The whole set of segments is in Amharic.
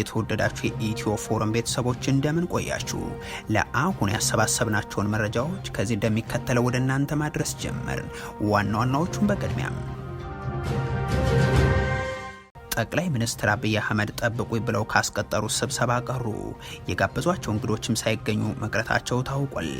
የተወደዳችሁ የኢትዮ ፎረም ቤተሰቦች እንደምን ቆያችሁ? ለአሁን ያሰባሰብናቸውን መረጃዎች ከዚህ እንደሚከተለው ወደ እናንተ ማድረስ ጀመር። ዋና ዋናዎቹን በቅድሚያ ጠቅላይ ሚኒስትር አብይ አህመድ ጠብቁ ብለው ካስቀጠሩት ስብሰባ ቀሩ። የጋበዟቸው እንግዶችም ሳይገኙ መቅረታቸው ታውቋል።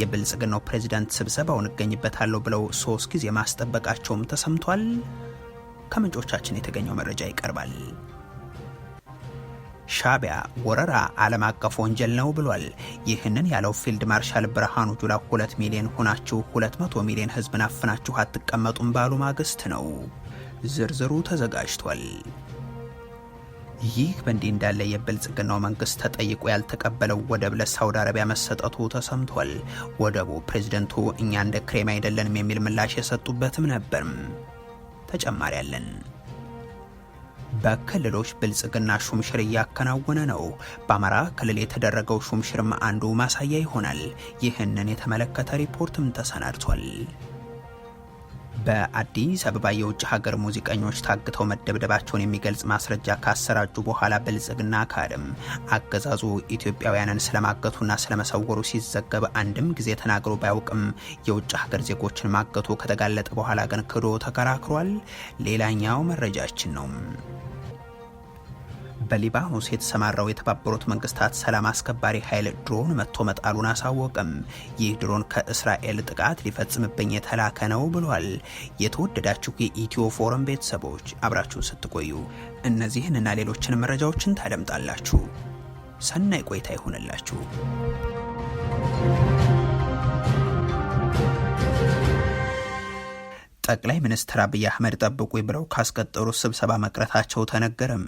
የብልጽግናው ፕሬዚዳንት ስብሰባውን እገኝበታለሁ ብለው ሶስት ጊዜ ማስጠበቃቸውም ተሰምቷል። ከምንጮቻችን የተገኘው መረጃ ይቀርባል። ሻቢያ ወረራ ዓለም አቀፍ ወንጀል ነው ብሏል። ይህንን ያለው ፊልድ ማርሻል ብርሃኑ ጁላ ሁለት ሚሊዮን ሆናችሁ ሁለት መቶ ሚሊዮን ህዝብን አፍናችሁ አትቀመጡም ባሉ ማግስት ነው። ዝርዝሩ ተዘጋጅቷል። ይህ በእንዲህ እንዳለ የብልጽግናው መንግስት ተጠይቆ ያልተቀበለው ወደብ ለሳውዲ አረቢያ መሰጠቱ ተሰምቷል። ወደቡ ፕሬዚደንቱ እኛ እንደ ክሬም አይደለንም የሚል ምላሽ የሰጡበትም ነበርም። ተጨማሪ በክልሎች ብልጽግና ሹምሽር እያከናወነ ነው። በአማራ ክልል የተደረገው ሹምሽርም አንዱ ማሳያ ይሆናል። ይህንን የተመለከተ ሪፖርትም ተሰናድቷል። በአዲስ አበባ የውጭ ሀገር ሙዚቀኞች ታግተው መደብደባቸውን የሚገልጽ ማስረጃ ካሰራጁ በኋላ ብልጽግና ካድም። አገዛዙ ኢትዮጵያውያንን ስለማገቱና ስለመሰወሩ ሲዘገብ አንድም ጊዜ ተናግሮ ባያውቅም የውጭ ሀገር ዜጎችን ማገቱ ከተጋለጠ በኋላ ግን ክዶ ተከራክሯል። ሌላኛው መረጃችን ነው። በሊባኖስ የተሰማራው የተባበሩት መንግስታት ሰላም አስከባሪ ኃይል ድሮን መጥቶ መጣሉን አሳወቅም። ይህ ድሮን ከእስራኤል ጥቃት ሊፈጽምብኝ የተላከ ነው ብሏል። የተወደዳችሁ የኢትዮ ፎረም ቤተሰቦች አብራችሁን ስትቆዩ እነዚህን እና ሌሎችን መረጃዎችን ታደምጣላችሁ። ሰናይ ቆይታ ይሆንላችሁ። ጠቅላይ ሚኒስትር አብይ አህመድ ጠብቁ ብለው ካስቀጠሩ ስብሰባ መቅረታቸው ተነገረም።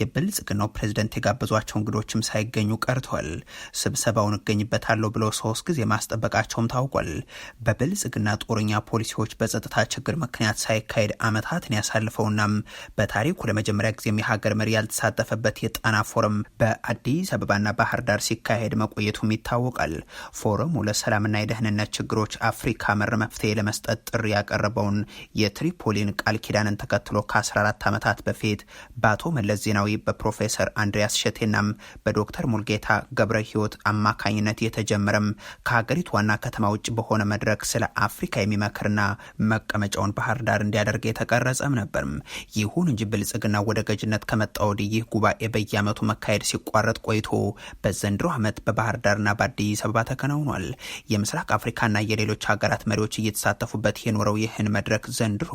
የብልጽግናው ፕሬዝደንት የጋበዟቸው እንግዶችም ሳይገኙ ቀርቷል። ስብሰባውን እገኝበታለሁ ብለው ሶስት ጊዜ ማስጠበቃቸውም ታውቋል። በብልጽግና ጦርኛ ፖሊሲዎች በጸጥታ ችግር ምክንያት ሳይካሄድ አመታትን ያሳልፈውናም በታሪኩ ለመጀመሪያ ጊዜም የሀገር መሪ ያልተሳተፈበት የጣና ፎረም በአዲስ አበባና ባህር ዳር ሲካሄድ መቆየቱም ይታወቃል። ፎረሙ ለሰላምና የደህንነት ችግሮች አፍሪካ መር መፍትሄ ለመስጠት ጥሪ ያቀረበውን የትሪፖሊን ቃል ኪዳንን ተከትሎ ከ14 ዓመታት በፊት በአቶ መለስ ዜናዊ በፕሮፌሰር አንድሪያስ ሸቴናም በዶክተር ሙልጌታ ገብረ ህይወት አማካኝነት የተጀመረም ከሀገሪቱ ዋና ከተማ ውጭ በሆነ መድረክ ስለ አፍሪካ የሚመክርና መቀመጫውን ባህር ዳር እንዲያደርግ የተቀረጸም ነበርም። ይሁን እንጂ ብልጽግና ወደ ገዥነት ከመጣ ወዲህ ይህ ጉባኤ በየአመቱ መካሄድ ሲቋረጥ ቆይቶ በዘንድሮ ዓመት በባህር ዳርና በአዲስ አበባ ተከናውኗል። የምስራቅ አፍሪካና የሌሎች ሀገራት መሪዎች እየተሳተፉበት የኖረው ይህን መድረክ መድረክ ዘንድሮ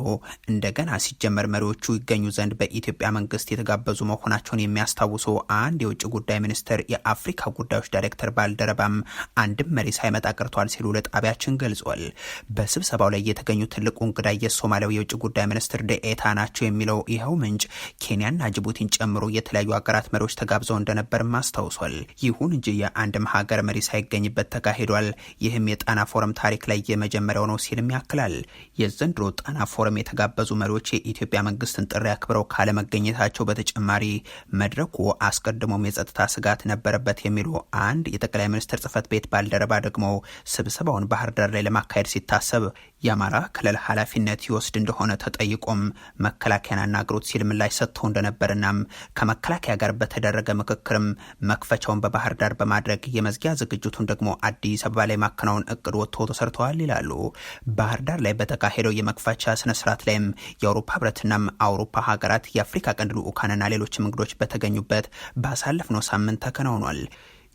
እንደገና ሲጀመር መሪዎቹ ይገኙ ዘንድ በኢትዮጵያ መንግስት የተጋበዙ መሆናቸውን የሚያስታውሱ አንድ የውጭ ጉዳይ ሚኒስትር የአፍሪካ ጉዳዮች ዳይሬክተር ባልደረባም አንድም መሪ ሳይመጣ ቀርቷል ሲሉ ለጣቢያችን ገልጿል። በስብሰባው ላይ የተገኙ ትልቁ እንግዳ የሶማሊያው የውጭ ጉዳይ ሚኒስትር ደኤታ ናቸው የሚለው ይኸው ምንጭ ኬንያና ጅቡቲን ጨምሮ የተለያዩ ሀገራት መሪዎች ተጋብዘው እንደነበርም አስታውሷል። ይሁን እንጂ የአንድም ሀገር መሪ ሳይገኝበት ተካሂዷል። ይህም የጣና ፎረም ታሪክ ላይ የመጀመሪያው ነው ሲልም ያክላል። የዘንድሮ ጣና ፎረም የተጋበዙ መሪዎች የኢትዮጵያ መንግስትን ጥሪ አክብረው ካለመገኘታቸው በተጨማሪ መድረኩ አስቀድሞም የጸጥታ ስጋት ነበረበት የሚሉ አንድ የጠቅላይ ሚኒስትር ጽህፈት ቤት ባልደረባ ደግሞ ስብሰባውን ባህር ዳር ላይ ለማካሄድ ሲታሰብ የአማራ ክልል ኃላፊነት ይወስድ እንደሆነ ተጠይቆም መከላከያን አናግሮት ሲል ምላሽ ሰጥቶ እንደነበርናም ከመከላከያ ጋር በተደረገ ምክክርም መክፈቻውን በባህር ዳር በማድረግ የመዝጊያ ዝግጅቱን ደግሞ አዲስ አበባ ላይ ማከናወን እቅድ ወጥቶ ተሰርተዋል ይላሉ። ባህር ዳር ላይ በተካሄደው መክፈቻ ስርዓት ላይም የአውሮፓ ህብረትናም አውሮፓ ሀገራት የአፍሪካ ቀንድ ልዑካንና ሌሎችም እንግዶች በተገኙበት ባሳለፍነው ሳምንት ተከናውኗል።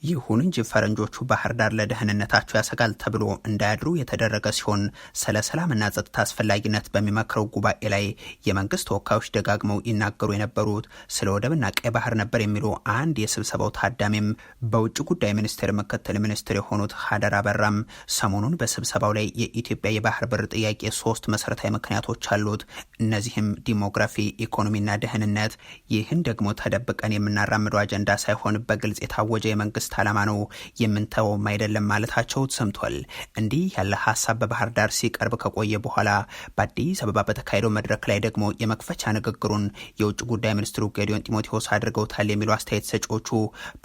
ይሁን እንጂ ፈረንጆቹ ባህር ዳር ለደህንነታቸው ያሰጋል ተብሎ እንዳያድሩ የተደረገ ሲሆን ስለ ሰላምና ጸጥታ አስፈላጊነት በሚመክረው ጉባኤ ላይ የመንግስት ተወካዮች ደጋግመው ይናገሩ የነበሩት ስለ ወደብና ቀይ ባህር ነበር የሚሉ አንድ የስብሰባው ታዳሚም በውጭ ጉዳይ ሚኒስቴር ምክትል ሚኒስትር የሆኑት ሀደር አበራም ሰሞኑን በስብሰባው ላይ የኢትዮጵያ የባህር በር ጥያቄ ሶስት መሰረታዊ ምክንያቶች አሉት። እነዚህም ዲሞግራፊ፣ ኢኮኖሚና ደህንነት። ይህን ደግሞ ተደብቀን የምናራምደው አጀንዳ ሳይሆን በግልጽ የታወጀ የመንግስት መንግስት ዓላማ ነው የምንተወውም አይደለም ማለታቸው ሰምቷል። እንዲህ ያለ ሀሳብ በባህር ዳር ሲቀርብ ከቆየ በኋላ በአዲስ አበባ በተካሄደው መድረክ ላይ ደግሞ የመክፈቻ ንግግሩን የውጭ ጉዳይ ሚኒስትሩ ጌዲዮን ጢሞቴዎስ አድርገውታል የሚሉ አስተያየት ሰጪዎቹ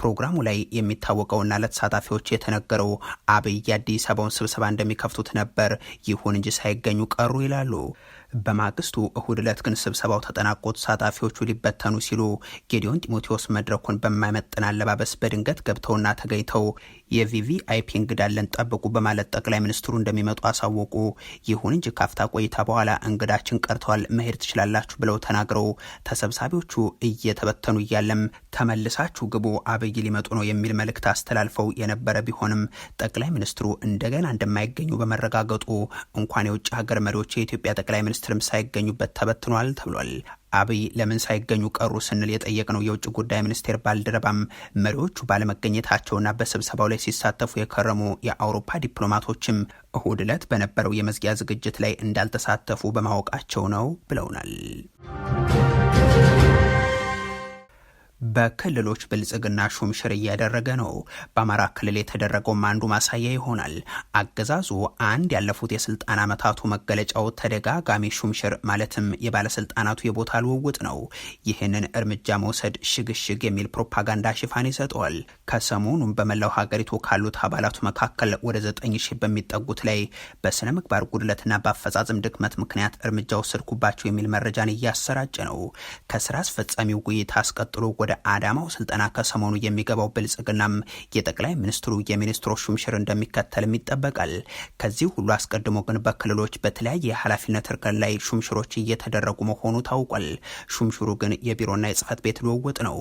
ፕሮግራሙ ላይ የሚታወቀውና ለተሳታፊዎች የተነገረው አብይ አዲስ አበባውን ስብሰባ እንደሚከፍቱት ነበር። ይሁን እንጂ ሳይገኙ ቀሩ ይላሉ። በማግስቱ እሁድ ዕለት ግን ስብሰባው ተጠናቆ ተሳታፊዎቹ ሊበተኑ ሲሉ ጌዲዮን ጢሞቴዎስ መድረኩን በማይመጥን አለባበስ በድንገት ገብተውና ተገኝተው የቪቪአይፒ እንግዳለን ጠብቁ በማለት ጠቅላይ ሚኒስትሩ እንደሚመጡ አሳወቁ። ይሁን እንጂ ካፍታ ቆይታ በኋላ እንግዳችን ቀርተዋል፣ መሄድ ትችላላችሁ ብለው ተናግረው ተሰብሳቢዎቹ እየተበተኑ እያለም ተመልሳችሁ ግቡ፣ አብይ ሊመጡ ነው የሚል መልእክት አስተላልፈው የነበረ ቢሆንም ጠቅላይ ሚኒስትሩ እንደገና እንደማይገኙ በመረጋገጡ እንኳን የውጭ ሀገር መሪዎች የኢትዮጵያ ጠቅላይ ሚኒስትርም ሳይገኙበት ተበትኗል ተብሏል። አብይ ለምን ሳይገኙ ቀሩ ስንል የጠየቅነው የውጭ ጉዳይ ሚኒስቴር ባልደረባም መሪዎቹ ባለመገኘታቸውና በስብሰባው ላይ ሲሳተፉ የከረሙ የአውሮፓ ዲፕሎማቶችም እሁድ ዕለት በነበረው የመዝጊያ ዝግጅት ላይ እንዳልተሳተፉ በማወቃቸው ነው ብለውናል። በክልሎች ብልጽግና ሹምሽር እያደረገ ነው። በአማራ ክልል የተደረገውም አንዱ ማሳያ ይሆናል። አገዛዙ አንድ ያለፉት የስልጣን ዓመታቱ መገለጫው ተደጋጋሚ ሹምሽር ማለትም የባለስልጣናቱ የቦታ ልውውጥ ነው። ይህንን እርምጃ መውሰድ ሽግሽግ የሚል ፕሮፓጋንዳ ሽፋን ይሰጠዋል። ከሰሞኑም በመላው ሀገሪቱ ካሉት አባላቱ መካከል ወደ ዘጠኝ ሺህ በሚጠጉት ላይ በስነ ምግባር ጉድለትና በአፈጻጽም ድክመት ምክንያት እርምጃ ወሰድኩባቸው የሚል መረጃን እያሰራጨ ነው። ከስራ አስፈጻሚው ውይይት አስቀጥሎ ወደ አዳማው ስልጠና ከሰሞኑ የሚገባው ብልጽግናም የጠቅላይ ሚኒስትሩ የሚኒስትሮች ሹምሽር እንደሚከተልም ይጠበቃል። ከዚህ ሁሉ አስቀድሞ ግን በክልሎች በተለያየ የኃላፊነት እርከን ላይ ሹምሽሮች እየተደረጉ መሆኑ ታውቋል። ሹምሽሩ ግን የቢሮና የጽህፈት ቤት ልውውጥ ነው።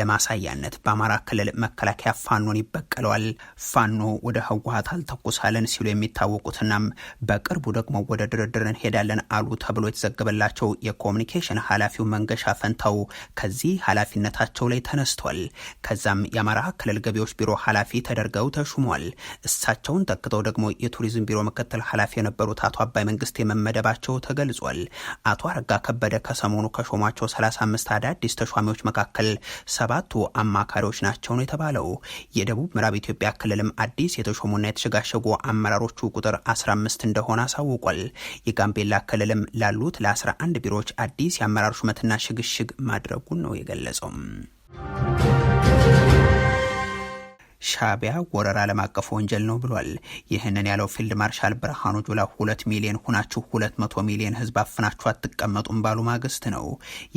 ለማሳያነት በአማራ ክልል መከላከያ ፋኖን ይበቀለዋል። ፋኖ ወደ ህወሀት አልተኩሳለን ሲሉ የሚታወቁትናም በቅርቡ ደግሞ ወደ ድርድር እንሄዳለን አሉ ተብሎ የተዘገበላቸው የኮሚኒኬሽን ኃላፊው መንገሻ ፈንታው ከዚህ ኃላፊነታ ስራቸው ላይ ተነስቷል። ከዛም የአማራ ክልል ገቢዎች ቢሮ ኃላፊ ተደርገው ተሹሟል። እሳቸውን ተክተው ደግሞ የቱሪዝም ቢሮ ምክትል ኃላፊ የነበሩት አቶ አባይ መንግስት የመመደባቸው ተገልጿል። አቶ አረጋ ከበደ ከሰሞኑ ከሾሟቸው 35 አዳዲስ ተሿሚዎች መካከል ሰባቱ አማካሪዎች ናቸው ነው የተባለው። የደቡብ ምዕራብ ኢትዮጵያ ክልልም አዲስ የተሾሙና የተሸጋሸጉ አመራሮቹ ቁጥር 15 እንደሆነ አሳውቋል። የጋምቤላ ክልልም ላሉት ለ11 ቢሮዎች አዲስ የአመራር ሹመትና ሽግሽግ ማድረጉን ነው የገለጸውም። ሻቢያ ወረራ ዓለም አቀፍ ወንጀል ነው ብሏል። ይህንን ያለው ፊልድ ማርሻል ብርሃኑ ጁላ ሁለት ሚሊዮን ሁናችሁ ሁለት መቶ ሚሊዮን ህዝብ አፍናችሁ አትቀመጡም ባሉ ማግስት ነው።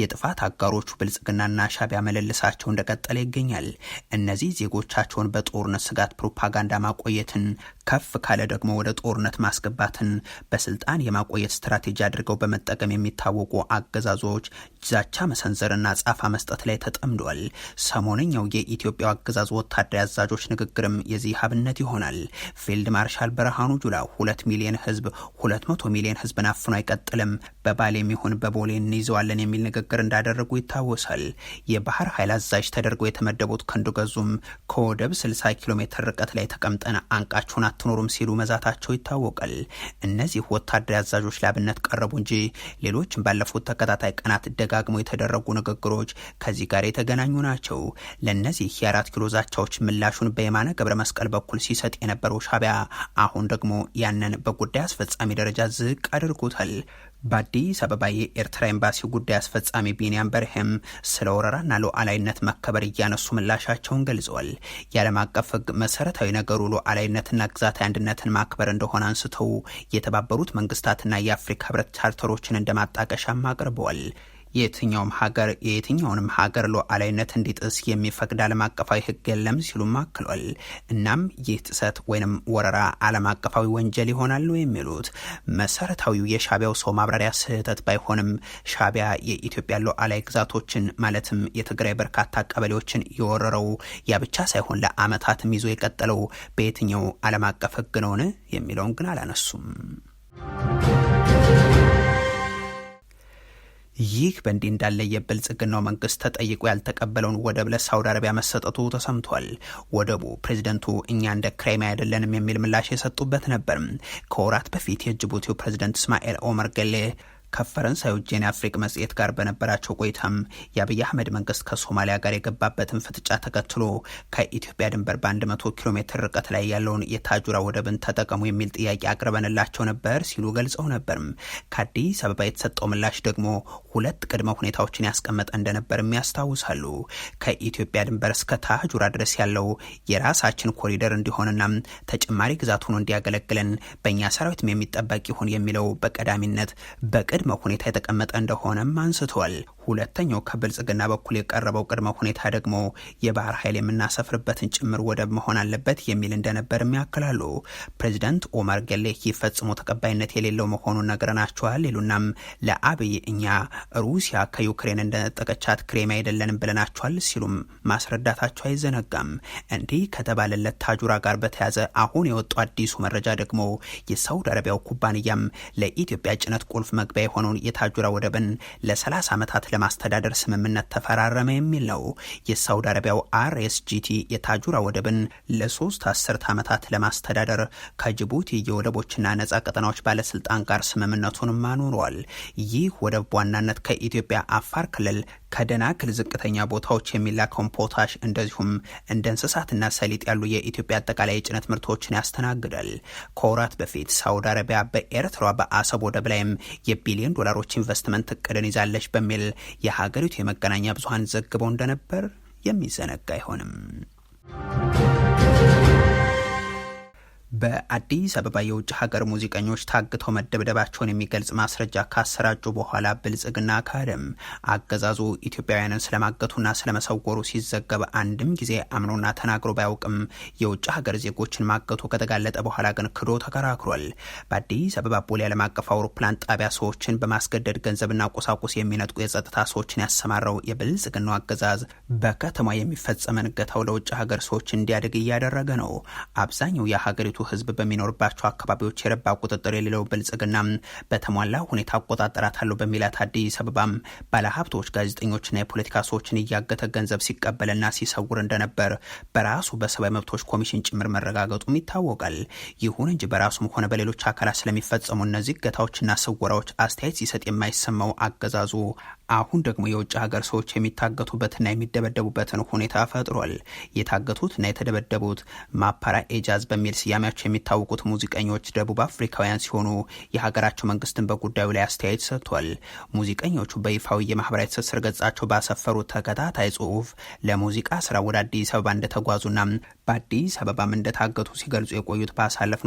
የጥፋት አጋሮቹ ብልጽግናና ሻቢያ መለልሳቸው እንደቀጠለ ይገኛል። እነዚህ ዜጎቻቸውን በጦርነት ስጋት ፕሮፓጋንዳ ማቆየትን ከፍ ካለ ደግሞ ወደ ጦርነት ማስገባትን በስልጣን የማቆየት ስትራቴጂ አድርገው በመጠቀም የሚታወቁ አገዛዞች ዛቻ መሰንዘርና ጻፋ መስጠት ላይ ተጠምዷል። ሰሞነኛው የኢትዮጵያ አገዛዝ ወታደራዊ አዛዦች ንግግርም የዚህ አብነት ይሆናል። ፊልድ ማርሻል ብርሃኑ ጁላ ሁለት ሚሊዮን ህዝብ ሁለት መቶ ሚሊዮን ህዝብን አፍኖ አይቀጥልም በባሌ የሚሆን በቦሌ እንይዘዋለን የሚል ንግግር እንዳደረጉ ይታወሳል። የባህር ኃይል አዛዥ ተደርገው የተመደቡት ክንዱ ገዙም ከወደብ 60 ኪሎ ሜትር ርቀት ላይ ተቀምጠን አንቃችሁን አትኖሩም ሲሉ መዛታቸው ይታወቃል። እነዚህ ወታደር አዛዦች ለአብነት ቀረቡ እንጂ ሌሎችም ባለፉት ተከታታይ ቀናት ደጋግመው የተደረጉ ንግግሮች ከዚህ ጋር የተገናኙ ናቸው። ለእነዚህ የአራት ኪሎ ዛቻዎች ምላሹን በየማነ ገብረ መስቀል በኩል ሲሰጥ የነበረው ሻቢያ አሁን ደግሞ ያንን በጉዳይ አስፈጻሚ ደረጃ ዝቅ አድርጎታል። በአዲስ አበባ የኤርትራ ኤምባሲ ጉዳይ አስፈጻሚ ቢንያም በርሄም ስለ ወረራና ሉዓላዊነት መከበር እያነሱ ምላሻቸውን ገልጸዋል። የዓለም አቀፍ ሕግ መሰረታዊ ነገሩ ሉዓላዊነትና ግዛታዊ አንድነትን ማክበር እንደሆነ አንስተው የተባበሩት መንግስታትና የአፍሪካ ህብረት ቻርተሮችን እንደማጣቀሻም አቅርበዋል። የትኛውም ሀገር የየትኛውንም ሀገር ሉዓላዊነት እንዲጥስ የሚፈቅድ ዓለም አቀፋዊ ሕግ የለም ሲሉም አክሏል። እናም ይህ ጥሰት ወይንም ወረራ ዓለም አቀፋዊ ወንጀል ይሆናሉ የሚሉት መሰረታዊው የሻቢያው ሰው ማብራሪያ ስህተት ባይሆንም ሻቢያ የኢትዮጵያ ሉዓላዊ ግዛቶችን ማለትም የትግራይ በርካታ ቀበሌዎችን የወረረው ያ ብቻ ሳይሆን ለዓመታትም ይዞ የቀጠለው በየትኛው ዓለም አቀፍ ሕግ ነውን የሚለውን ግን አላነሱም። ይህ በእንዲህ እንዳለ የብልጽግናው መንግስት ተጠይቆ ያልተቀበለውን ወደብ ለሳውዲ አረቢያ መሰጠቱ ተሰምቷል። ወደቡ ፕሬዚደንቱ እኛ እንደ ክራይሚያ አይደለንም የሚል ምላሽ የሰጡበት ነበር። ከወራት በፊት የጅቡቲው ፕሬዚደንት እስማኤል ኦመር ገሌ ከፈረንሳዩ ጄን አፍሪክ መጽሔት ጋር በነበራቸው ቆይታም የአብይ አህመድ መንግስት ከሶማሊያ ጋር የገባበትን ፍጥጫ ተከትሎ ከኢትዮጵያ ድንበር በ100 ኪሎ ሜትር ርቀት ላይ ያለውን የታጁራ ወደብን ተጠቀሙ የሚል ጥያቄ አቅርበንላቸው ነበር ሲሉ ገልጸው ነበርም። ከአዲስ አበባ የተሰጠው ምላሽ ደግሞ ሁለት ቅድመ ሁኔታዎችን ያስቀመጠ እንደነበርም ያስታውሳሉ። ከኢትዮጵያ ድንበር እስከ ታጁራ ድረስ ያለው የራሳችን ኮሪደር እንዲሆንና ተጨማሪ ግዛት ሆኖ እንዲያገለግለን በእኛ ሰራዊትም የሚጠበቅ ይሁን የሚለው በቀዳሚነት በቅድ ቅድመ ሁኔታ የተቀመጠ እንደሆነም አንስቷል። ሁለተኛው ከብልጽግና በኩል የቀረበው ቅድመ ሁኔታ ደግሞ የባህር ኃይል የምናሰፍርበትን ጭምር ወደብ መሆን አለበት የሚል እንደነበርም ያክላሉ። ፕሬዚዳንት ኦማር ገሌ ፈጽሞ ተቀባይነት የሌለው መሆኑን ነግረናቸዋል ይሉናም ለአብይ እኛ ሩሲያ ከዩክሬን እንደነጠቀቻት ክሬም አይደለንም ብለናቸዋል ሲሉም ማስረዳታቸው አይዘነጋም። እንዲህ ከተባለለት ታጁራ ጋር በተያዘ አሁን የወጡ አዲሱ መረጃ ደግሞ የሳውዲ አረቢያው ኩባንያም ለኢትዮጵያ ጭነት ቁልፍ መግቢያ የሆነውን የታጁራ ወደብን ለ30 ዓመታት ለማስተዳደር ስምምነት ተፈራረመ የሚል ነው። የሳውዲ አረቢያው አር ኤስ ጂቲ የታጁራ ወደብን ለሶስት አስርት ዓመታት ለማስተዳደር ከጅቡቲ የወደቦችና ነጻ ቀጠናዎች ባለስልጣን ጋር ስምምነቱን አኑሯል። ይህ ወደብ በዋናነት ከኢትዮጵያ አፋር ክልል ከደናክል ዝቅተኛ ቦታዎች የሚላከውን ፖታሽ እንደዚሁም እንደ እንስሳትና ሰሊጥ ያሉ የኢትዮጵያ አጠቃላይ የጭነት ምርቶችን ያስተናግዳል። ከወራት በፊት ሳውዲ አረቢያ በኤርትራ በአሰብ ወደብ ላይም የቢሊዮን ዶላሮች ኢንቨስትመንት እቅድን ይዛለች በሚል የሀገሪቱ የመገናኛ ብዙሀን ዘግበው እንደነበር የሚዘነጋ አይሆንም። በአዲስ አበባ የውጭ ሀገር ሙዚቀኞች ታግተው መደብደባቸውን የሚገልጽ ማስረጃ ካሰራጩ በኋላ ብልጽግና ካድም። አገዛዙ ኢትዮጵያውያንን ስለማገቱና ስለመሰወሩ ሲዘገብ አንድም ጊዜ አምኖና ተናግሮ ባያውቅም የውጭ ሀገር ዜጎችን ማገቱ ከተጋለጠ በኋላ ግን ክዶ ተከራክሯል። በአዲስ አበባ ቦሌ ዓለም አቀፍ አውሮፕላን ጣቢያ ሰዎችን በማስገደድ ገንዘብና ቁሳቁስ የሚነጥቁ የጸጥታ ሰዎችን ያሰማራው የብልጽግናው አገዛዝ በከተማ የሚፈጸመን እገታው ለውጭ ሀገር ሰዎች እንዲያድግ እያደረገ ነው። አብዛኛው የሀገሪቱ ህዝብ በሚኖርባቸው አካባቢዎች የረባ ቁጥጥር የሌለው ብልጽግና በተሟላ ሁኔታ አቆጣጠራታለሁ በሚላት አዲስ አበባም ባለሀብቶች፣ ጋዜጠኞችና የፖለቲካ ሰዎችን እያገተ ገንዘብ ሲቀበልና ሲሰውር እንደነበር በራሱ በሰብአዊ መብቶች ኮሚሽን ጭምር መረጋገጡም ይታወቃል። ይሁን እንጂ በራሱም ሆነ በሌሎች አካላት ስለሚፈጸሙ እነዚህ እገታዎችና ስወራዎች አስተያየት ሲሰጥ የማይሰማው አገዛዙ አሁን ደግሞ የውጭ ሀገር ሰዎች የሚታገቱበትና የሚደበደቡበትን ሁኔታ ፈጥሯል። የታገቱትና የተደበደቡት ማፓራ ኤጃዝ በሚል ስያሜ ናቸው የሚታወቁት ሙዚቀኞች ደቡብ አፍሪካውያን ሲሆኑ የሀገራቸው መንግስትን በጉዳዩ ላይ አስተያየት ሰጥቷል። ሙዚቀኞቹ በይፋዊ የማህበራዊ ትስስር ገጻቸው ባሰፈሩት ተከታታይ ጽሁፍ ለሙዚቃ ስራ ወደ አዲስ አበባ እንደተጓዙና በአዲስ አበባም እንደታገቱ ሲገልጹ የቆዩት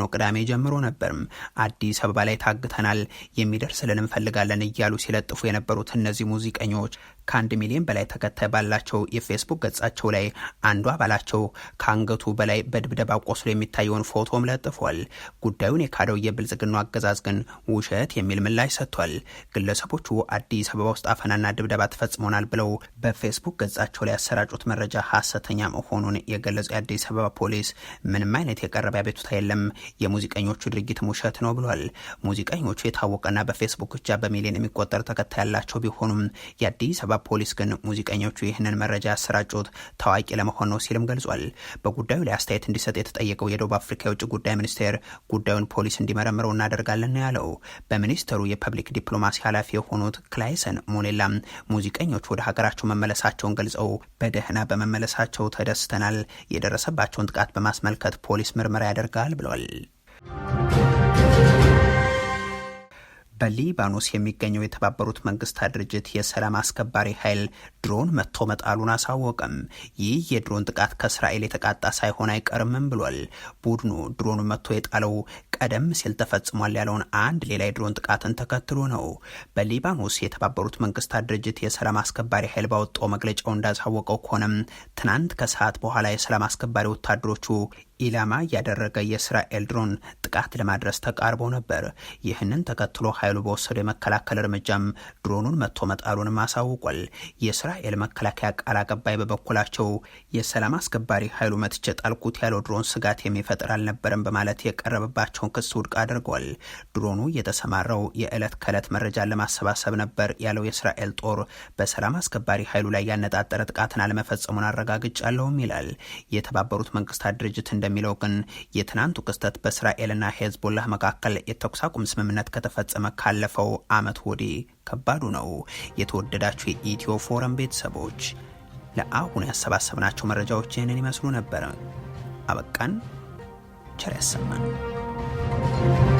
ነው ቅዳሜ ጀምሮ ነበርም። አዲስ አበባ ላይ ታግተናል፣ የሚደርስልን እንፈልጋለን እያሉ ሲለጥፉ የነበሩት እነዚህ ሙዚቀኞች ከአንድ ሚሊዮን በላይ ተከታይ ባላቸው የፌስቡክ ገጻቸው ላይ አንዱ አባላቸው ከአንገቱ በላይ በድብደባ ቆስሎ የሚታየውን ፎቶ ፎቶም ለጥፏል። ጉዳዩን የካደው የብልጽግና አገዛዝ ግን ውሸት የሚል ምላሽ ሰጥቷል። ግለሰቦቹ አዲስ አበባ ውስጥ አፈናና ድብደባ ተፈጽሞናል ብለው በፌስቡክ ገጻቸው ላይ ያሰራጩት መረጃ ሀሰተኛ መሆኑን የገለጹ የአዲስ አበባ ፖሊስ ምንም አይነት የቀረበ አቤቱታ የለም፣ የሙዚቀኞቹ ድርጊትም ውሸት ነው ብሏል። ሙዚቀኞቹ የታወቀና በፌስቡክ ብቻ በሚሊዮን የሚቆጠር ተከታይ ያላቸው ቢሆኑም የአዲስ አበባ ፖሊስ ግን ሙዚቀኞቹ ይህንን መረጃ ያሰራጩት ታዋቂ ለመሆን ነው ሲልም ገልጿል። በጉዳዩ ላይ አስተያየት እንዲሰጥ የተጠየቀው የደቡብ አፍሪካ የውጭ ጉዳይ ሚኒስቴር ጉዳዩን ፖሊስ እንዲመረምረው እናደርጋለን ያለው በሚኒስቴሩ የፐብሊክ ዲፕሎማሲ ኃላፊ የሆኑት ክላይሰን ሞኔላ ሙዚቀኞች ወደ ሀገራቸው መመለሳቸውን ገልጸው በደህና በመመለሳቸው ተደስተናል፣ የደረሰባቸውን ጥቃት በማስመልከት ፖሊስ ምርመራ ያደርጋል ብለዋል። በሊባኖስ የሚገኘው የተባበሩት መንግስታት ድርጅት የሰላም አስከባሪ ኃይል ድሮን መጥቶ መጣሉን አሳወቅም። ይህ የድሮን ጥቃት ከእስራኤል የተቃጣ ሳይሆን አይቀርምም ብሏል። ቡድኑ ድሮኑ መጥቶ የጣለው ቀደም ሲል ተፈጽሟል ያለውን አንድ ሌላ የድሮን ጥቃትን ተከትሎ ነው። በሊባኖስ የተባበሩት መንግስታት ድርጅት የሰላም አስከባሪ ኃይል ባወጣው መግለጫው እንዳሳወቀው ከሆነም ትናንት ከሰዓት በኋላ የሰላም አስከባሪ ወታደሮቹ ኢላማ ያደረገ የእስራኤል ድሮን ጥቃት ለማድረስ ተቃርቦ ነበር። ይህንን ተከትሎ ኃይሉ በወሰደው የመከላከል እርምጃም ድሮኑን መቶ መጣሉንም አሳውቋል። የእስራኤል መከላከያ ቃል አቀባይ በበኩላቸው የሰላም አስከባሪ ኃይሉ መትቼ ጣልኩት ያለው ድሮን ስጋት የሚፈጥር አልነበረም በማለት የቀረበባቸውን ክስ ውድቅ አድርጓል። ድሮኑ የተሰማራው የዕለት ከዕለት መረጃን ለማሰባሰብ ነበር ያለው የእስራኤል ጦር በሰላም አስከባሪ ኃይሉ ላይ ያነጣጠረ ጥቃትን አለመፈጸሙን አረጋግጫለሁም ይላል። የተባበሩት መንግስታት ድርጅት እንደሚለው ግን የትናንቱ ክስተት በእስራኤልና ሄዝቦላህ መካከል የተኩስ አቁም ስምምነት ከተፈጸመ ካለፈው አመት ወዲህ ከባዱ ነው። የተወደዳችሁ የኢትዮ ፎረም ቤተሰቦች ለአሁን ያሰባሰብናቸው መረጃዎች ይህንን ይመስሉ ነበር። አበቃን። ቸር ያሰማን።